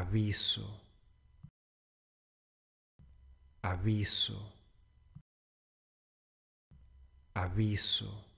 aviso, aviso, aviso.